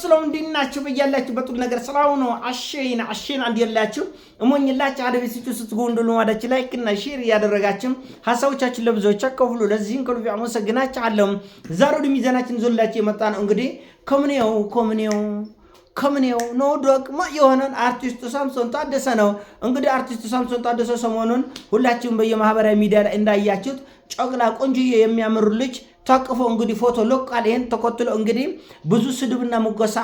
ስለው እንዲናችሁ በያላችሁ በጥሩ ነገር ስራው ነው። አሸይን አሸይን አንድ የላችሁ እሞኝላችሁ አደቤሲችሁ ስትጎንዱ ልማዳች ላይክ እና ሼር እያደረጋችሁ ሀሳቦቻችን ለብዙዎች አካፍሉ። ለዚህም ከልብ አመሰግናችኋለሁ። ዛሬ ወደ ሚዛናችን ዞላችሁ የመጣ ነው እንግዲህ ከምኔው ከምኔው ከምኔው ነው ማ የሆነን አርቲስቱ ሳምሶን ታደሰ ነው። እንግዲህ አርቲስቱ ሳምሶን ታደሰ ሰሞኑን ሁላችሁም በየማህበራዊ ሚዲያ ላይ እንዳያችሁት ጨቅላ ቆንጆዬ የሚያምሩ ልጅ ታቅፎ እንግዲህ ፎቶ ለቋል። ይህን ተከትሎ እንግዲህ ብዙ ስድብና ሙገሳ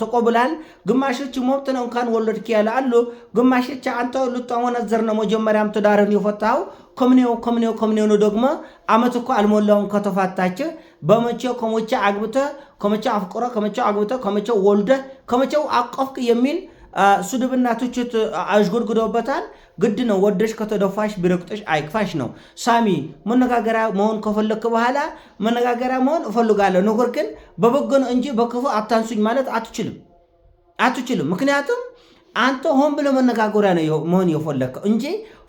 ተቆብላል። ግማሾች ሞብት ነው እንኳን ወለድክ ያለ አሉ። ግማሾች አንተ ልታወነዘር ነው መጀመሪያም ትዳርን የፈታው ከምኔው ከምኔው ከምኔው ነው ደግሞ አመት እኮ አልሞላውን ከተፋታች በመቼው ከመቼ አግብተ ከመቼው አፍቅረ ከመቼው አግብተ ከመቼው ወልደ ከመቼው አቆፍክ የሚል ስድብና ትችት አዥጎድጉደውበታል። ግድ ነው። ወደሽ ከተደፋሽ ቢረግጥሽ አይክፋሽ ነው። ሳሚ መነጋገሪያ መሆን ከፈለክ በኋላ መነጋገሪያ መሆን እፈልጋለሁ፣ ነገር ግን በበጎ እንጂ በክፉ አታንሱኝ ማለት አትችልም አትችልም። ምክንያቱም አንተ ሆን ብሎ መነጋገሪያ ነው መሆን የፈለከው እንጂ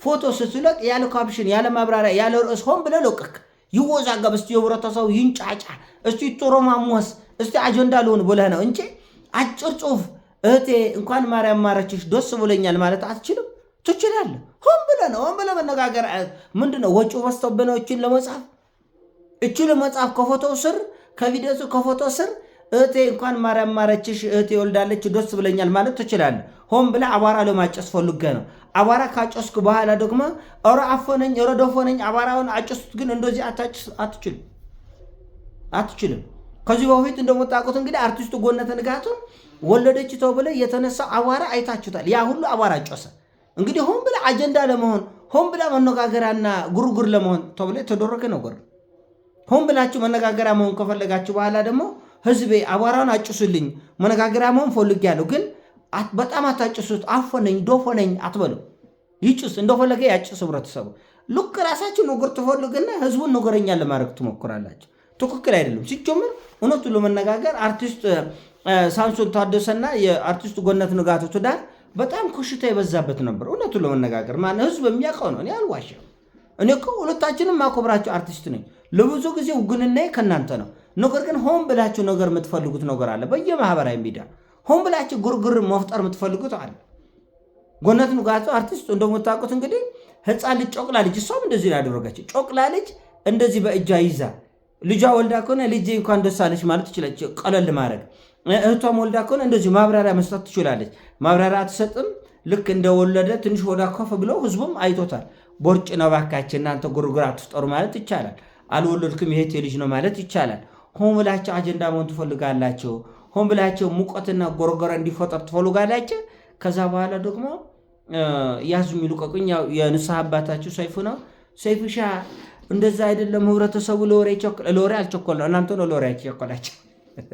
ፎቶ ስትለቅ ያለ ካፕሽን፣ ያለ ማብራሪያ፣ ያለ ርዕስ ሆን ብለ ለቅክ ይወዛገብ፣ እስቲ የህብረተሰቡ ይንጫጫ፣ እስቲ ጦሮማሞስ፣ እስቲ አጀንዳ ልሆን ብለህ ነው እንጂ አጭር ጽሁፍ እህቴ እንኳን ማርያም ማረችሽ ደስ ብሎኛል ማለት አትችልም። ትችላለ ሆን ብለ ነው፣ ሆን ብለ መነጋገር ምንድነው? ወጪ ወጪው ነው እችን ለመጻፍ እችን ከፎቶ ስር ከቪዲዮሱ ከፎቶ ስር እህቴ እንኳን ማርያም ማረችሽ፣ እህቴ ወልዳለች፣ ደስ ብለኛል ማለት ትችላለ ሆን ብለ አቧራ ለማጨስ ፈልገ ነው። አቧራ ካጨስኩ በኋላ ደግሞ ኦሮ አፎነኝ ኦሮ ደፎነኝ አቧራውን አጨሱት፣ ግን እንደዚህ አትችልም፣ አትችልም። ከዚህ በፊት እንደምታውቁት እንግዲህ አርቲስቱ ጎነተ ንጋቱ ወለደች ተብሎ የተነሳ አቧራ አይታችሁታል። ያ ሁሉ አቧራ ጮሰ። እንግዲህ ሆን ብላ አጀንዳ ለመሆን ሆን ብላ መነጋገሪያና ጉርጉር ለመሆን ተብሎ የተደረገ ነገር። ሆን ብላችሁ መነጋገሪያ መሆን ከፈለጋችሁ በኋላ ደግሞ ህዝቤ አቧራውን አጭሱልኝ፣ መነጋገሪያ መሆን ያለው ግን በጣም አታጭሱት፣ አፎነኝ፣ ዶፎነኝ አትበሉ። ይጭስ እንደፈለገ ያጭስ ህብረተሰቡ። ልክ ራሳችሁ ነገር ትፈልግና ህዝቡን ነገረኛ ለማድረግ ትሞክራላችሁ። ትክክል አይደለም። ሲጀምር እውነቱ ለመነጋገር አርቲስት ሳምሶን ታደሰና የአርቲስቱ ጎነት ንጋቱ ትዳር በጣም ኮሽታ የበዛበት ነበር። እውነቱ ለመነጋገር ማ ህዝብ የሚያውቀው ነው። እኔ አልዋሸም። እኔ እኮ ሁለታችንም ማኮብራቸው አርቲስት ነኝ። ለብዙ ጊዜ ውግንናዬ ከእናንተ ነው። ነገር ግን ሆን ብላችሁ ነገር የምትፈልጉት ነገር አለ። በየማህበራዊ ሚዲያ ሆን ብላችሁ ግርግር መፍጠር የምትፈልጉት አለ። ጎነት ንጋቱ አርቲስት እንደምታውቁት እንግዲህ ህፃን ልጅ ጮቅላ ልጅ እሷም እንደዚህ ያደረጋቸው ጮቅላ ልጅ እንደዚህ በእጇ ይዛ ልጇ ወልዳ ከሆነ ልጄ እንኳን ደስ አለሽ ማለት ትችላለች፣ ቀለል ማድረግ። እህቷም ወልዳ ከሆነ እንደዚሁ ማብራሪያ መስጠት ትችላለች። ማብራሪያ አትሰጥም። ልክ እንደወለደ ትንሽ ወዳ ኮፍ ብለው ህዝቡም አይቶታል። ቦርጭ ነው እባካችን እናንተ ጉርጉር አትፍጠሩ ማለት ይቻላል። አልወለድኩም ይሄ ልጅ ነው ማለት ይቻላል። ሆን ብላቸው አጀንዳ መሆን ትፈልጋላቸው። ሆን ብላቸው ሙቀትና ጎረጎረ እንዲፈጠር ትፈልጋላቸው። ከዛ በኋላ ደግሞ ያዙ የሚሉ የንስሐ አባታቸው ሰይፉ ነው ሰይፉ ሻ እንደዛ አይደለም። ህብረተሰቡ ለወሬ አልቸኮል ነው። እናንተ ነው ለወሬ ቸኮላችሁ።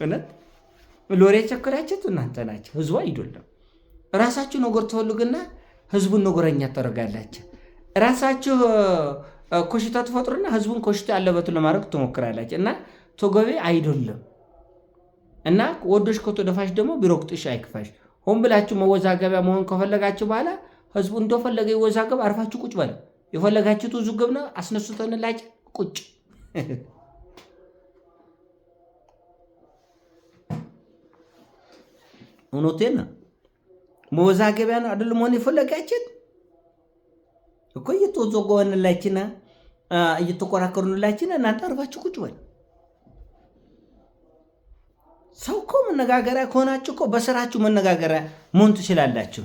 እውነት ለወሬ ቸኮላችሁት እናንተ ናቸው፣ ህዝቡ አይደለም። ራሳችሁ ነገር ትፈልጉና ህዝቡን ነገረኛ ታደርጋላችሁ። ራሳችሁ ኮሽታ ትፈጥሩና ህዝቡን ኮሽታ ያለበትን ለማድረግ ትሞክራላችሁ እና ተገቢ አይደለም። እና ወዶሽ ከተደፋሽ ደግሞ ቢሮቅጥሽ አይክፋሽ። ሆን ብላችሁ መወዛገቢያ መሆን ከፈለጋችሁ በኋላ ህዝቡ እንደፈለገ ይወዛገብ፣ አርፋችሁ ቁጭ በለ። የፈለጋችሁት ውዙ ግብና አስነሱተን ላጭ ቁጭ መወዛ ገቢያ ነው አደል መሆን የፈለጋችን እኮ እየተወዘጎንላችን እየተቆራከሩንላችን እናንተ አርፋችሁ ቁጭ በል። ሰው እኮ መነጋገሪያ ከሆናችሁ እኮ በስራችሁ መነጋገሪያ መሆን ትችላላችሁ።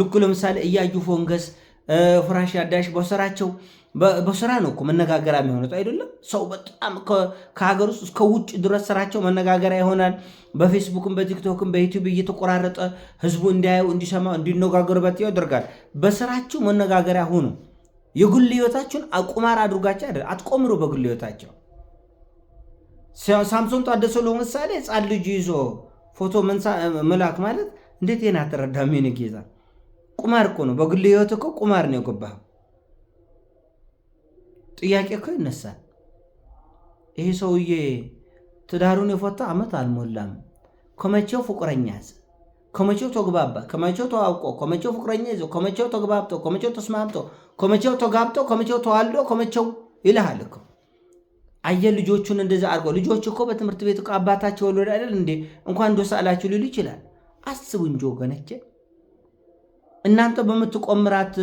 ልኩ ለምሳሌ እያዩ ፎንገስ ፍራሽ አዳሽ በስራቸው በስራ ነው እኮ መነጋገሪያ የሚሆኑት አይደለም። ሰው በጣም ከሀገር ውስጥ እስከ ውጭ ድረስ ስራቸው መነጋገሪያ ይሆናል። በፌስቡክም በቲክቶክም በዩቲዩብ እየተቆራረጠ ህዝቡ እንዲያየው፣ እንዲሰማው፣ እንዲነጋገሩበት ያደርጋል። በስራቸው መነጋገሪያ ሆኑ። የግል ህይወታችሁን አቁማር አድርጋቸው አይደል አትቆምሩ። በግል ህይወታቸው ሳምሶን ታደሰ ለምሳሌ ህፃን ልጅ ይዞ ፎቶ መላክ ማለት እንዴት ይህን አትረዳም? ጌታ ቁማር እኮ ነው። በግል ህይወት እኮ ቁማር ነው የገባህ። ጥያቄ እኮ ይነሳል። ይሄ ሰውዬ ትዳሩን የፈታ አመት አልሞላም። ከመቼው ፍቅረኛ ያዘ? ከመቼው ተግባባ? ከመቼው ተዋውቆ? ከመቼው ፍቅረኛ ይዞ? ከመቼው ተግባብቶ? ከመቼው ተስማምቶ? ከመቼው ተጋብቶ? ከመቼው ተዋልዶ? ከመቼው ይልሃል እኮ አየ ልጆቹን እንደዛ አድርጎ ልጆች እኮ በትምህርት ቤት እኮ አባታቸው ወለድ አይደል እንዴ እንኳን ደስ አላችሁ ሊሉ ይችላል። አስቡ እንጂ ወገነቼ እናንተ በምትቆምራት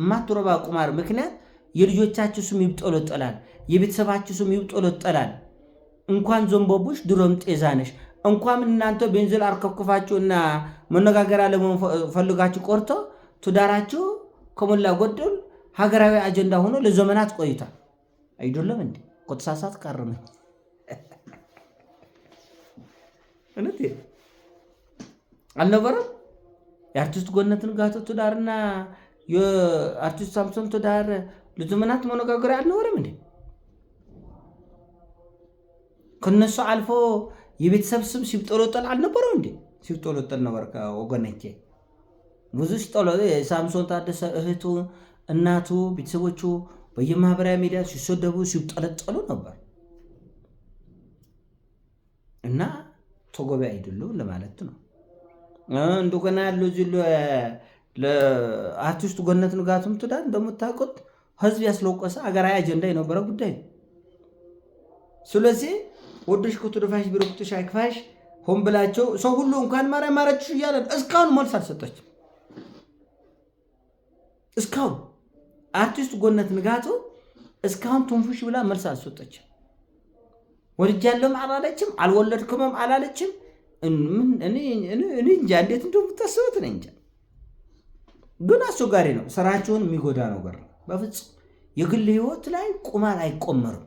የማትረባ ቁማር ምክንያት የልጆቻችሁ ስም ይብጠለጠላል፣ የቤተሰባችሁ ስም ይብጠለጠላል። እንኳን ዘንቦቡሽ ድሮም ጤዛ ነሽ። እንኳን እናንተ ቤንዚል አርከፍክፋችሁና መነጋገሪያ ለመሆን ፈልጋችሁ ቆርቶ ትዳራችሁ ከሞላ ጎደል ሀገራዊ አጀንዳ ሆኖ ለዘመናት ቆይቷል። አይደለም እንዴ? ቆተሳሳት ቀርመ እውነት አልነበረም የአርቲስት ገነት ንጋቱ ትዳርና የአርቲስት ሳምሶን ትዳር ልዙምናት መነጋገሪያ አልነበረም እንዴ? ከነሱ አልፎ የቤተሰብ ስም ሲብጠሎጠል አልነበረም እንዴ? ሲብጠሎጠል ነበር። ወገነቼ ብዙ ሲጠሎ ሳምሶን ታደሰ እህቱ፣ እናቱ፣ ቤተሰቦቹ በየማህበራዊ ሚዲያ ሲሰደቡ ሲብጠለጠሉ ነበር እና ተጎቢ አይደሉም ለማለት ነው። እንደገና ያለው እዚህ ለአርቲስቱ ገነት ንጋቱም ትዳር እንደምታውቁት ህዝብ ያስለወቀሰ አገራዊ አጀንዳ የነበረ ጉዳይ ነው። ስለዚህ ወደሽ ክትድፋሽ ቢሮክትሽ አይክፋሽ ሆን ብላቸው ሰው ሁሉ እንኳን ማርያም ማረችሽ እያለ እስካሁን መልስ አልሰጠችም። እስካሁን አርቲስቱ ጎነት ንጋቱ እስካሁን ትንፉሽ ብላ መልስ አልሰጠችም። ወልጃለሁም አላለችም፣ አልወለድክምም አላለችም። እኔ እንጃ እንዴት እንደው የምታስቡት እኔ እንጃ። ግን አስቸጋሪ ነው። ስራቸውን የሚጎዳ ነገር ነው። በፍጹም የግል ህይወት ላይ ቁማር አይቆመርም።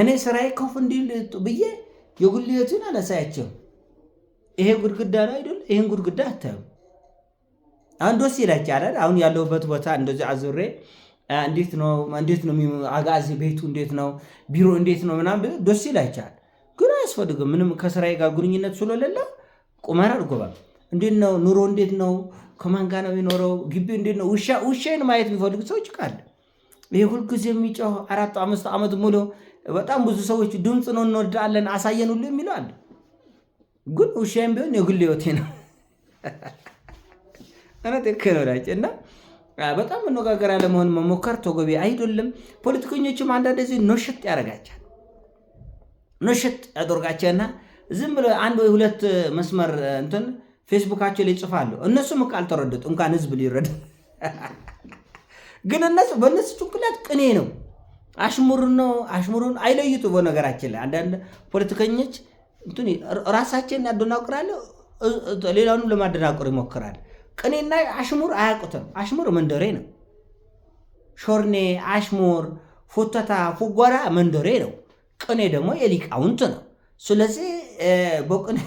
እኔ ስራዬ ከፍ እንዲል ብዬ የግል ህይወትን አላሳያቸውም። ይሄ ጉድግዳ ነው አይደል? ይህን ጉድግዳ አታዩ። አንድ ወስ ይላችኋል። አሁን ያለሁበት ቦታ እንደዚህ አዙሬ እንዴት ነው እንዴት ነው አጋዚ ቤቱ እንዴት ነው ቢሮ እንዴት ነው ምናምን ደስ ይላችኋል። አያስፈልግም። ምንም ከስራዬ ጋር ግንኙነት ስለሌለ ቁማር አልጎባም። እንዴት ነው ኑሮ? እንዴት ነው? ከማን ጋር ነው የሚኖረው? ግቢ እንዴት ነው? ውሻ ውሻዬን ማየት የሚፈልግ ሰዎች ቃል ይህ ሁልጊዜ የሚጮህ አራት አምስት ዓመት ሙሉ በጣም ብዙ ሰዎች ድምፅ ነው እንወዳለን አሳየን ሁሉ የሚለው አለ። ግን ውሻዬም ቢሆን የግል ህይወቴ ነው እነት እና በጣም መነጋገሪያ ለመሆን መሞከር ተገቢ አይደለም። ፖለቲከኞችም አንዳንድ ጊዜ ኖሸጥ ያደርጋቸዋል። ምሽት ያደርጋቸውና ዝም ብሎ አንድ ወይ ሁለት መስመር እንትን ፌስቡካቸው ላይ ይጽፋሉ። እነሱም ቃል አልተረዱት እንኳን ህዝብ ሊረድ ግን እነሱ በእነሱ ጭንቅላት ቅኔ ነው፣ አሽሙር ነው። አሽሙሩን አይለይቱ። በነገራችን ላይ አንዳንድ ፖለቲከኞች ራሳችን ራሳቸውን ሌላውንም ለማደናቁር ይሞክራል። ቅኔና አሽሙር አያውቁትም። አሽሙር መንደሬ ነው። ሾርኔ፣ አሽሙር፣ ፉተታ፣ ፉጓራ መንደሬ ነው። ቅኔ ደግሞ የሊቃውንት ነው። ስለዚህ በቅኔ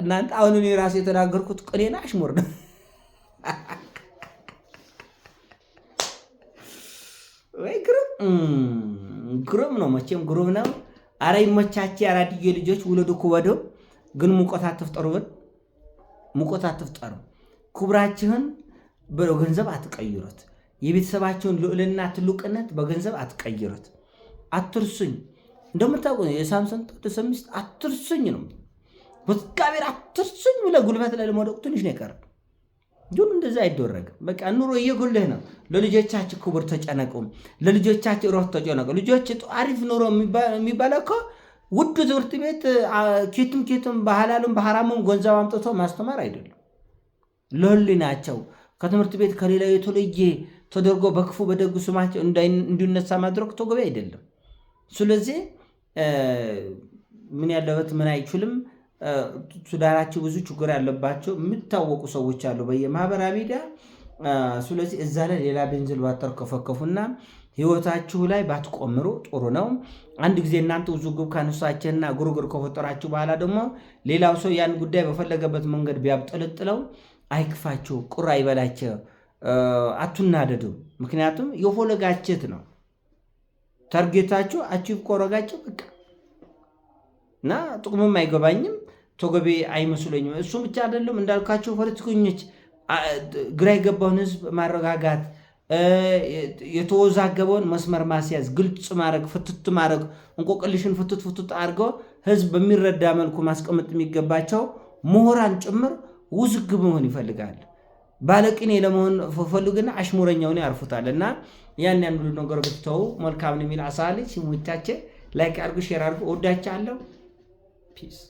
እናንተ አሁን እኔ ራሴ የተናገርኩት ቅኔና አሽሙር ነው። ወይ ግሩም ግሩም ነው፣ መቼም ግሩም ነው። አረ ይመቻችሁ፣ የአራድዬ ልጆች ውለዱ፣ ኩበዱ። ግን ሙቆት አትፍጠሩብን፣ ሙቆት አትፍጠሩ። ክብራችሁን በገንዘብ አትቀይሩት። የቤተሰባቸውን ልዕልና ትልቅነት በገንዘብ አትቀይሩት። አትርሱኝ እንደምታውቁ የሳምሰን ቅዱስ ሚስት አትርሱኝ ነው። በእግዚአብሔር አትርሱኝ ብለህ ጉልበት ላይ ለመውደቅ ትንሽ ነው የቀረ። ግን እንደዛ አይደረግም። በቃ ኑሮ እየጎልህ ነው። ለልጆቻች ክቡር ተጨነቁ፣ ለልጆቻች ሮት ተጨነቁ። ልጆች አሪፍ ኑሮ የሚባለው እኮ ውድ ትምህርት ቤት ኬቱም ኬቱም ባህላሉም ባህራሙም ገንዘብ አምጥቶ ማስተማር አይደለም። ለህሊናቸው ከትምህርት ቤት ከሌላ የተለየ ተደርጎ በክፉ በደጉ ስማቸው እንዲነሳ ማድረግ ተገቢ አይደለም። ስለዚህ ምን ያለበት ምን አይችልም። ሱዳናቸው ብዙ ችግር ያለባቸው የሚታወቁ ሰዎች አሉ በየማህበራዊ ሚዲያ። ስለዚህ እዛ ላይ ሌላ ቤንዝል ባጠር ከፈከፉና ህይወታችሁ ላይ ባትቆምሩ ጥሩ ነው። አንድ ጊዜ እናንተ ውዝግብ ካነሳችሁና ጉርጉር ከፈጠራችሁ በኋላ ደግሞ ሌላው ሰው ያን ጉዳይ በፈለገበት መንገድ ቢያብጠለጥለው አይክፋችሁ፣ ቁር አይበላቸው። አቱናደዱ። ምክንያቱም ጋቸት ነው ታርጌታችሁ አቺቭ ኮረጋቸው በቃ እና ጥቅሙም አይገባኝም፣ ተገቢ አይመስለኝም። እሱ ብቻ አይደለም እንዳልኳቸው ፖለቲከኞች ግራ የገባውን ህዝብ ማረጋጋት፣ የተወዛገበውን መስመር ማስያዝ፣ ግልጽ ማድረግ፣ ፍትት ማድረግ፣ እንቆቅልሽን ፍትት ፍትት አድርገው ህዝብ በሚረዳ መልኩ ማስቀመጥ የሚገባቸው ምሁራን ጭምር ውዝግብ መሆን ይፈልጋል። ባለቅኔ ለመሆን ፈልግና አሽሙረኛውን ያርፉታል። እና ያን ያን ሁሉ ነገር ብትተው መልካም ነው የሚል አሳልች ሙቻችን ላይክ አድርጉ፣ ሼር ወዳቻ አለው ፒስ